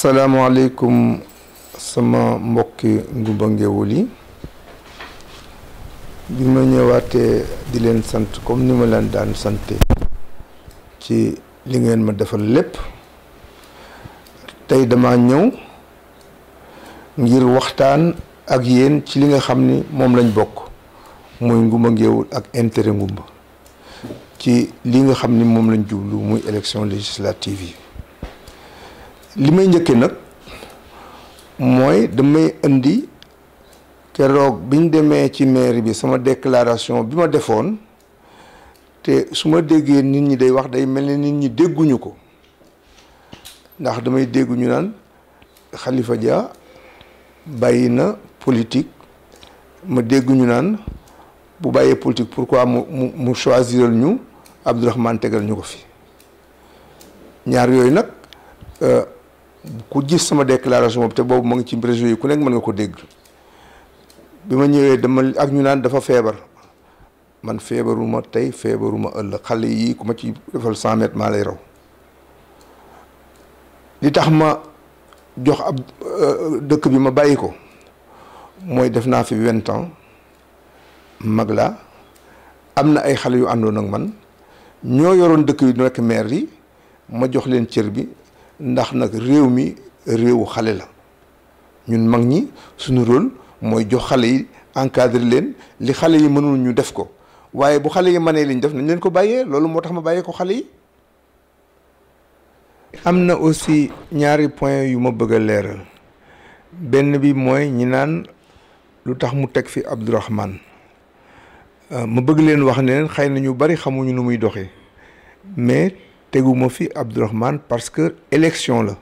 asalaamualeykum sama mbokki Ngouba Ngéwél yi bi ma ñëwaatee di leen sant comme ni ma leen daan sante ci li ngeen ma defal lépp tey dama ñëw ngir waxtaan ak yéen ci li nga xam ni moom lañ bokk muy Ngouba Ngéwél ak intérêt Ngouba ci li nga xam ni moom lañ jublu muy élection législative yi li may njëkkee nag mooy damay indi keroog bi ñu demee ci mairie bi sama déclaration bi ma defoon te su ma déggee nit ñi day wax day mel ne nit ñi dégguñu ko ndax damay dégguñu naan Khalifa Dia bàyyi na politik ma dégguñu naan bu bàyyee politique pourquoi mu mu mu choisiral ñu Abdourahmane tegal ñu ko fi ñaar yooyu nag. Euh, ku gis sama déclaration boobu te boobu ma ngi ci réseau yi ku nekk mën nga ko dégg bi ma ñëwee dama ak ñu naan dafa feebar man feebaruma tey feebaruma ëllëg xale yi ku ma ci defal cent mètres maa lay raw li tax ma jox ab euh, dëkk bi ma bàyyi ko mooy def naa fi vingt mag laa am na ay xale yu àndoon ak man ñoo yoroon dëkk bi nekk maire yi ma jox leen cër bi ndax nag réew mi réewu xale la ñun mag ñi suñu role mooy jox xale yi encadre leen li xale yi mënul ñu def ko waaye bu xale yi mënee liñ def nañ leen ko bàyyee loolu moo tax ma bàyyee ko xale yi. am na aussi ñaari point yu ma bëgg a leeral benn bi mooy ñi naan lu tax mu teg fi Abdourahmane euh, ma bëgg leen wax ne leen xëy na ñu bari xamuñu nu muy doxee mais. teguma fi Abdourahmane parce que élection la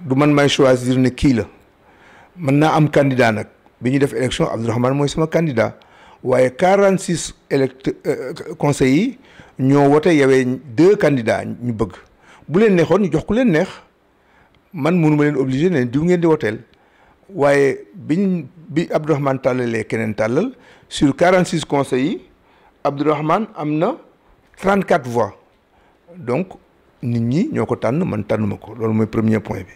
du man may choisir ne ki la man un am candidat nak biñu def élection Abdourahmane moy sama candidat waye 46 conseillers élect euh, conseils yi ñoo wote yawee deux candidats ñu bëgg bu len neexoon ñu jox ku len neex man mënuma len obligé ne diw ngeen di woteel waye biñ bi Abdourahmane talalé kenen talal sur 46 conseillers, Abdourahmane amna 34 voix donc nit ñi ñoo ko tànn man ma ko loolu mooy premier point bi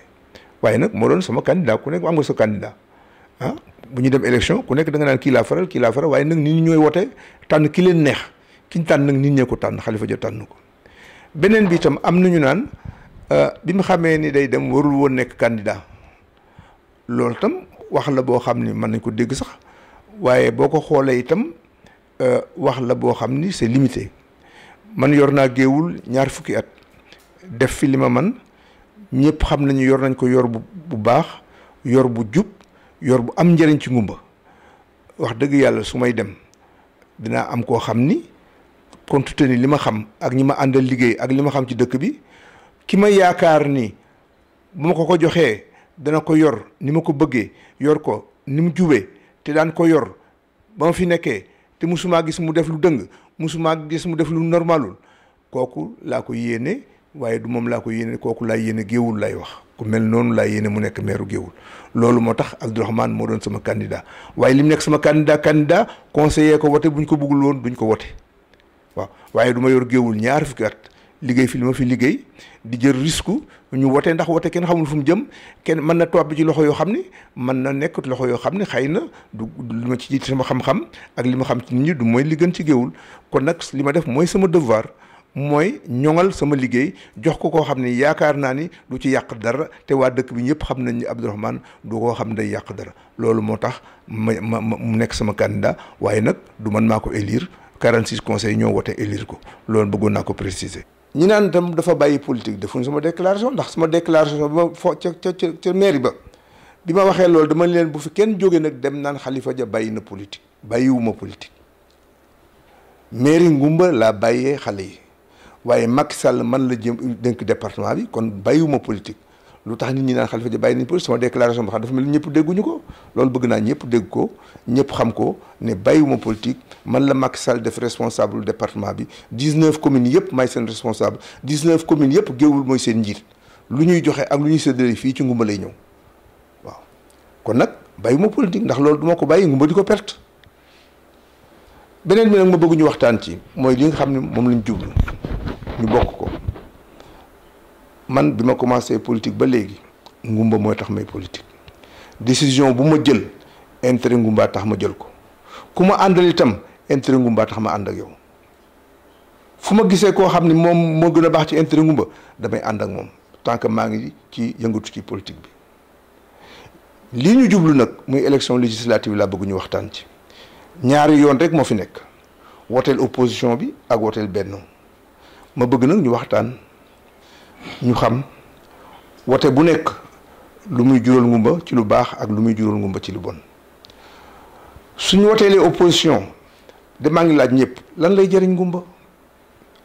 waaye nag moo doon sama candidat ku nekk am nga sa candidat ah, bu ñu dem élection ku nekk danga naan kii laa faral kii laa faral waaye nag nit ñooy wote tànn ki leen neex ki tànn nag nit ñee ko tànn Khalifa Dia tànn ko beneen bi itam am nañu naan euh, bi mu xamee ni day dem warul woon nekk candidat loolu itam wax la boo xam ni mën nañ ko dégg sax waaye boo ko xoolee itam euh, wax la boo xam ni c'est limité man yor naa géewul ñaar fukki at def fi lima man ñepp xam nañu yor nañ ko yor bu bu baax yor bu jup yor bu am njëriñ ci ngumba wax deug yalla sumay dem dina am ko xamni compte tenu lima ma xam ak ñima ma liggey ak lima xam ci dekk bi kima yaakar ni bu ma ko ko joxee dana ko yor ni ma ko bëggee yor ko ni mu te dan ko yor ba fi nekké te musuma gis mu def lu deung musuma gis mu def lu normalul kooku laa ko yéene waaye du moom laa ko yéene kooku laa yéene géewul lay wax ku mel noonu laay yéene mu nekk meeru géewul loolu moo tax Abdourahmane moo doon sama candidat waaye li mu nekk sama candidat candidat conseiller ko wote buñ ko bëggul woon duñ ko wote waaw waaye du ma yor géewul ñaar fukki at liggéey fi li ma fi liggéey di jël risque ñu wote ndax wote kenn xamul fu mu jëm kenn mën na bi ci loxo yoo xam ni mën na nekk loxo yoo xam ni xëy na du li ma ci sama xam-xam ak li ma xam ci nit mooy li gën ci géewul kon nag li ma def mooy sama devoir mooy ñoŋal sama liggéey jox ko koo xam ne yaakaar naa ni du ci yàq dara te waa dëkk bi ñëpp xam nañ ni Abdourahmane du koo xam day yàq dara loolu moo tax ma ma ma mu nekk sama candidat waaye nag du man maa ko élire 46 conseils ñoo wote élire ko loolu bëggoon naa ko préciser. ñi naan tam dafa bàyyi politique defuñ sama déclaration ndax suma déclaration bi ma fo ca ca ca mairie ba bi ma waxee loolu dama leen bu fi kenn jógee nag dem naan xalifa ja bàyyi na politique bàyyiwuma politique mairie Ngoumba laa bàyyee xale yi waaye Macky Sall man la jëm dénk département bi kon bàyyiwuma politique lu nit ñi naan Khalifa Dia bàyyi nañ police sama déclaration ba xam dafa mel ñëpp dégguñu ko loolu bëgg naa ñëpp dégg ko ñëpp xam ko ne bàyyiwuma politique man la Macky Sall def responsable département bi 19 communes yëpp may seen responsable 19 communes yëpp géewul mooy seen njiit lu ñuy joxe ak lu ñuy séddale fii ci nguma lay ñëw waaw kon nag bàyyiwuma politique ndax loolu duma ko bàyyi nguma di ko perte beneen bi nag ma bëgg ñu waxtaan ci mooy li nga xam ne moom lañ jublu ñu bokk ko man bi ma commencé politique ba léegi ngumba mooy tax may politique décision bu ma jël intérêt ngumba tax ma jël ko ku ma àndal itam intere ngumba tax ma ànd ak yow fu ma gisee koo xam ni moom moo gën a baax ci intérêt ngumba damay ànd ak moom tant que maa ngi ci yëngatu ci politique bi lii ñu jublu nag muy élection législative laa bëgg ñu waxtaan ci ñaari yoon rek moo fi nekk woteel opposition bi ak woteel benno ma bëgg nag ñu waxtaan ñu xam wote bu nekk lu muy jural ngumba ci lu baax ak lu muy jural ngumba ci lu bon suñu woteelee opposition de maa ngi laaj ñëpp lan lay jëriñ ngumba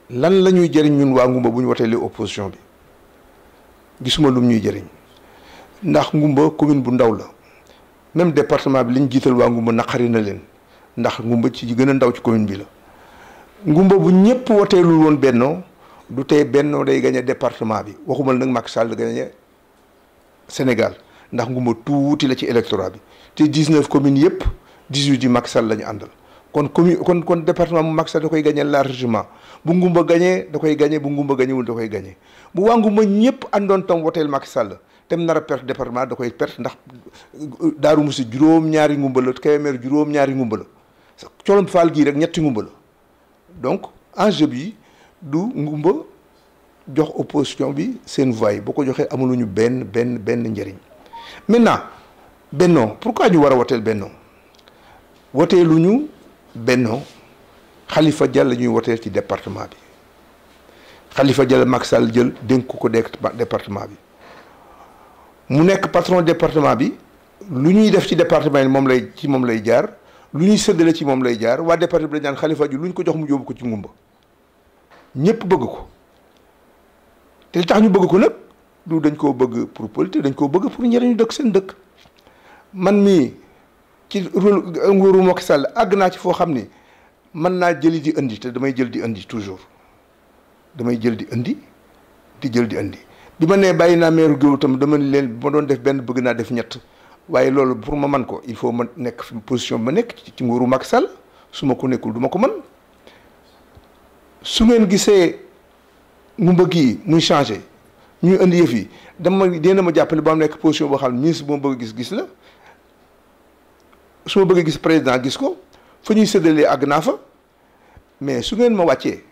lan lañuy ñuy jëriñ ñun waa ngumba bu ñu woteelee opposition bi gisuma lum ñuy jëriñ ndax ngumba commune bu ndaw la même département bi liñ jiital waa ngumba naqari na leen ndax ngumba ci gën a ndaw ci commune bi la ngumba bu ñëpp woteelul woon bennoo du tee Benno day gagné département bi waxumal nag Macky Sall gagné Sénégal ndax nguma tuuti la ci électorat bi te 19 communes yëpp 18 yi Macky Sall la ñu àndal kon commune kon kon département bu Macky Sall da koy la largement bu ngumba gagné da koy gagné bu ngumba gagnéwul da koy gagné bu waa ngumba ñëpp àndoon tam woteel Macky Sall te mu nar a perte département da koy perte ndax Daaru Musi juróom-ñaari ngumba la Kébémer juróom-ñaari ngumba la Colom Fall gii rek ñetti ngumba donc enjeu du ngumba jox opposition bi sen voix boko joxe joxee ñu ben ben Ben, njëriñ maintenant benno pourquoi ñu wara a benno bennoo luñu benno Khalifa Dia ñuy woteel ci département bi Khalifa Dia maxal Macky Sall jël dénk ko département bi mu nek patron département bi luñuy def ci département mom lay ci mom lay jaar luñuy ñuy ci mom lay jaar wa département bi dañ Khalifa ju luñ ko jox mu ko ci ngumba ñëpp bëgg ko te li tax ñu bëgg ko nag du dañ koo bëgg pour politique dañ koo bëgg pour njëriñu dëkk seen dëkk man mii ci rôle nguuru Sall àgg naa ci foo xam ni mën naa jëli di indi damay jël di indi toujours damay jël di indi di jël di indi bi ma nee bàyyi naa meeru géwél tam dama leen bu doon def benn bëgg naa def ñett waaye loolu pour ma man ko il faut ma nekk position ma nekk ci nguuru Macky Sall su ma ko nekkul du ko mën su ngeen gisee mu bëgg yi muy changé ñuy indi yëf yi dama dina ma jàppale ba am nekk position boo xam ne ministre bu ma bëgg gis gis la su ma bëgg gis président gis ko fa ñuy séddalee àgg naa fa mais su ngeen ma wàccee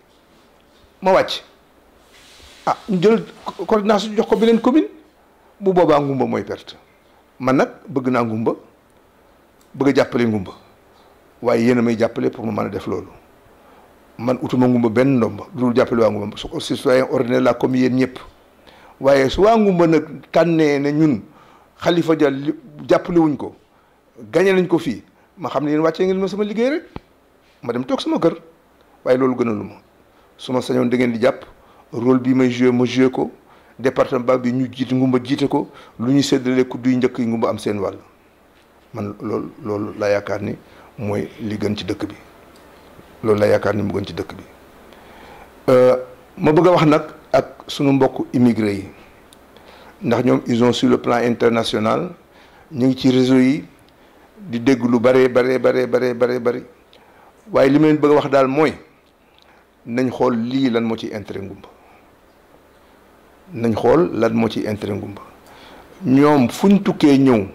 ma wàcc ah ñu jël coordination jox ko beneen commune bu boobaa ngumba mooy perte man nag bëgg naa ngumba bëgg a jàppale ngumba waaye yéen a may jàppale pour ma mën a def loolu man utuma ngumba ben ndomba dul jappel wa ngumba si citoyen ordinaire la comme yéen ñep waye su wa ngumba nak tànnee ne ñun khalifa ja jappelu wuñ ko gagné lañ ko fi ma xamni ne yéen wàccee ngeen ma sama liggéey rek ma dem tok sama kër waaye loolu gënalu ma suma sañon da ngeen di japp rôle bi may jouer mo jouer ko département bi ñu jitt ngumba jité ko lu ñu ku duy ñëk ngumba am seen wal man lolu lolu la yaakaar ni mooy li gën ci dëkk bi loolu la yaakaar ni mu gën ci dëkk bi euh, ma bëgg a wax nag ak sunu mbokk immigré yi ndax ñoom ils ont sur le plan international ñu ngi ci réseau yi di dégg lu bare bare bare bare bare bëri waaye li ma leen bëgg a wax daal mooy nañ xool lii lan moo ci intérêt ngumba nañ xool lan moo ci intérêt ngumba ñoom fuñ tukkee ñëw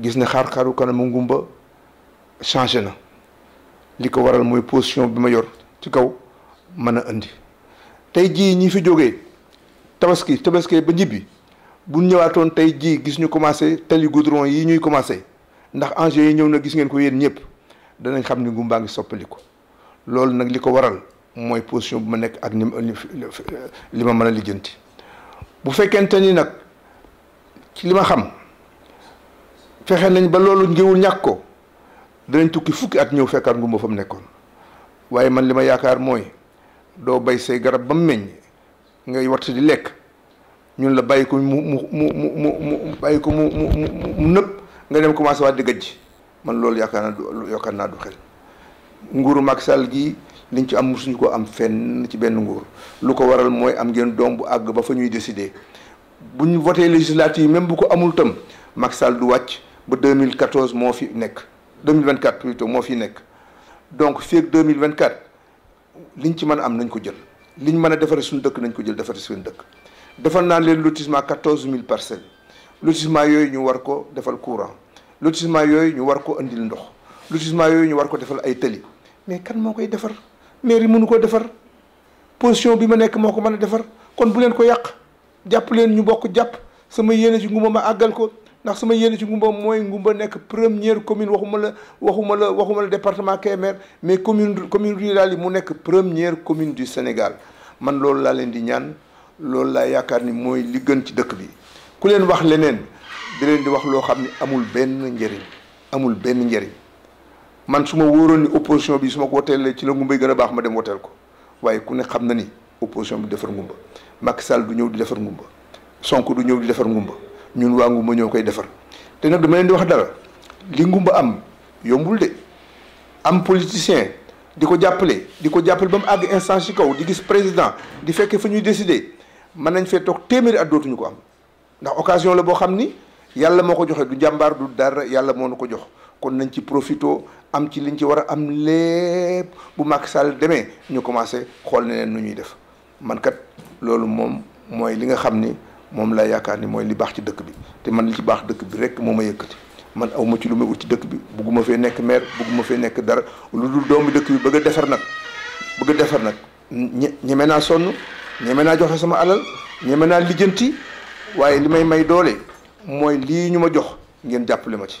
gis ne xaar-xaru kanamu ngumba changé na li ko waral mooy position bi ma yor ci kaw mën a indi tey jii ñii fi jógee tabaski tabaski ba njibbi bu ñëwaatoon tey jii gis ñu commencé tali goudron yi ñuy commencé ndax engins yi ñëw na gis ngeen ko yéen ñëpp danañ xam ni ngumbaa ngi soppaliku loolu nag li ko waral mooy position bu ma nekk ak ni li ma mën a lijjanti bu fekkente ni nag ci li ma xam fexe nañ ba loolu ngiwul ñàkk ko danañ tukki fukki ak ñëw fekkaat ngumba fa mu nekkoon waaye man li ma yaakaar mooy doo bay say garab ba mu meññ ngay watt di lekk ñun la bàyyi ko mu mu mu mu mu bàyyi ko mu mu mu nëpp nga dem commencé waa di ji man loolu yaakaar naa du yaakaar naa du xel nguuru Macky gi gii liñ ci am suñu ko am fenn ci benn nguur lu ko waral mooy am ngeen doom bu àgg ba fa ñuy décider buñ voté législative même bu ko amul tam Macky du wàcc ba 2014 moo fi nekk. 2024 plutôt moo fi nekk donc vingt ak li ñu ci mën a am nañ ko jël ñu mën a defaree suñu dëkk nañ ko jël defar suñu dëkk defal naa leen lotissement 14000 parcelles lotissement yooyu ñu war ko defal courant lotissement yooyu ñu war ko indil ndox lotissement yooyu ñu war ko defal ay tëli mais kan moo koy defar mais mairie mënu koo defar position bi ma nekk moo ko mën a defar kon bu leen ko yàq jàpp leen ñu bokk jàpp sama yéene ci nguma ma àggal ko ndax sama yéene ci ngumba mooy ngumba nekk première commune waxuma la waxuma la waxuma la département Kébémer mais commune commune rurale yi mu nekk première commune du Sénégal man loolu laa leen di ñaan loolu laa yaakaar ni mooy li gën ci dëkk bi ku leen wax leneen di leen di wax loo xam ni amul benn njëriñ amul benn njariñ man su ma wóoroon ni opposition bi suma ma ko woteelee ci la ngumba yi gën a baax ma dem woteel ko waaye ku ne xam na ni opposition bi defar ngumba Macky Sall du ñëw di defar ngumba Sonko du ñëw di defar ngumba ñun waa ngumba ñoo koy defar te nag dama leen di wax dara li ngumba am yombul de am politicien di ko jàppale di ko jàppale ba mu àgg instance ci kaw di gis président di fekkee fa ñuy décider mën nañ fee toog téeméeri at dootuñu ko am ndax occasion la boo xam ni yàlla moo ko joxe du jàmbaar du dara yàlla moo ko jox kon nañ ci profito am ci liñ ci war am lépp bu Macky deme demee ñu commencé xool ne leen nu ñuy def man kat loolu moom mooy li nga xam moom laa yaakaar ni mooy li baax ci dëkk bi te man li ci baax dëkk bi rek moo ma yëkkati man awma ci lu may ut ci dëkk bi bugguma fee nekk maire bugguma fee nekk dara lu dul doomu dëkk bi bëgg a defar nag bëgg a defar nag ñe ñeme naa sonn ñeme naa joxe sama alal ñeme naa lijjanti waaye li may may doole mooy lii ñu ma jox ngeen jàppale ma ci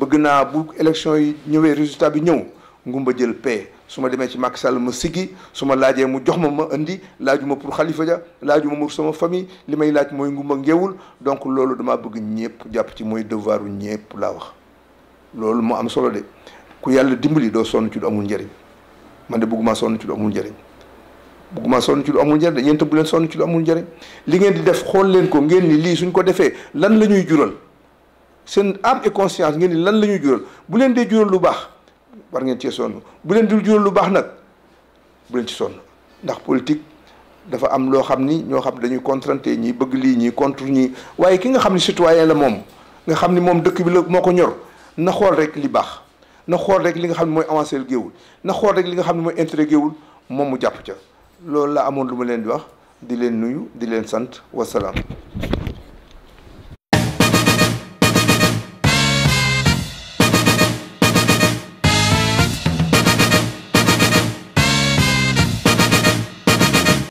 bëgg naa bu élection yi ñëwee résultat bi ñëw ngumba jël paie. su ma demee ci Macky Sall ma siggi su ma laajee mu jox ma ma indi laajuma pour xalifa ja laajuma mu sama famille li may laaj mooy ngumba ngéewul donc loolu damaa bëgg ñëpp jàpp ci mooy devoiru ñëpp laa wax loolu moo am solo de ku yàlla dimbali doo sonn ci lu amul njëriñ man de bëgguma sonn ci lu amul njëriñ bëgguma sonn ci lu amul njëriñ yéen ñeent bu leen sonn ci lu amul njariñ li ngeen di def xool leen ko ngeen ni lii suñ ko defee lan la ñuy jural seen âme et conscience ngeen lan la ñuy jural bu leen dee jural lu baax war ngeen ci sonu bu len dul jural lu bax nak bu len ci sonu ndax politique dafa am lo xamni ño xam dañuy contrainte ñi bëgg li ñi contre ñi waye ki nga xamni citoyen la mom nga xamni mom dëkk bi la moo ñor na xol rek li bax na xol rek li nga xamni moy avancer na xol rek li nga xamni moy intérêt mom mu japp ca lool la lu ma di wax di len nuyu di sant wassalam.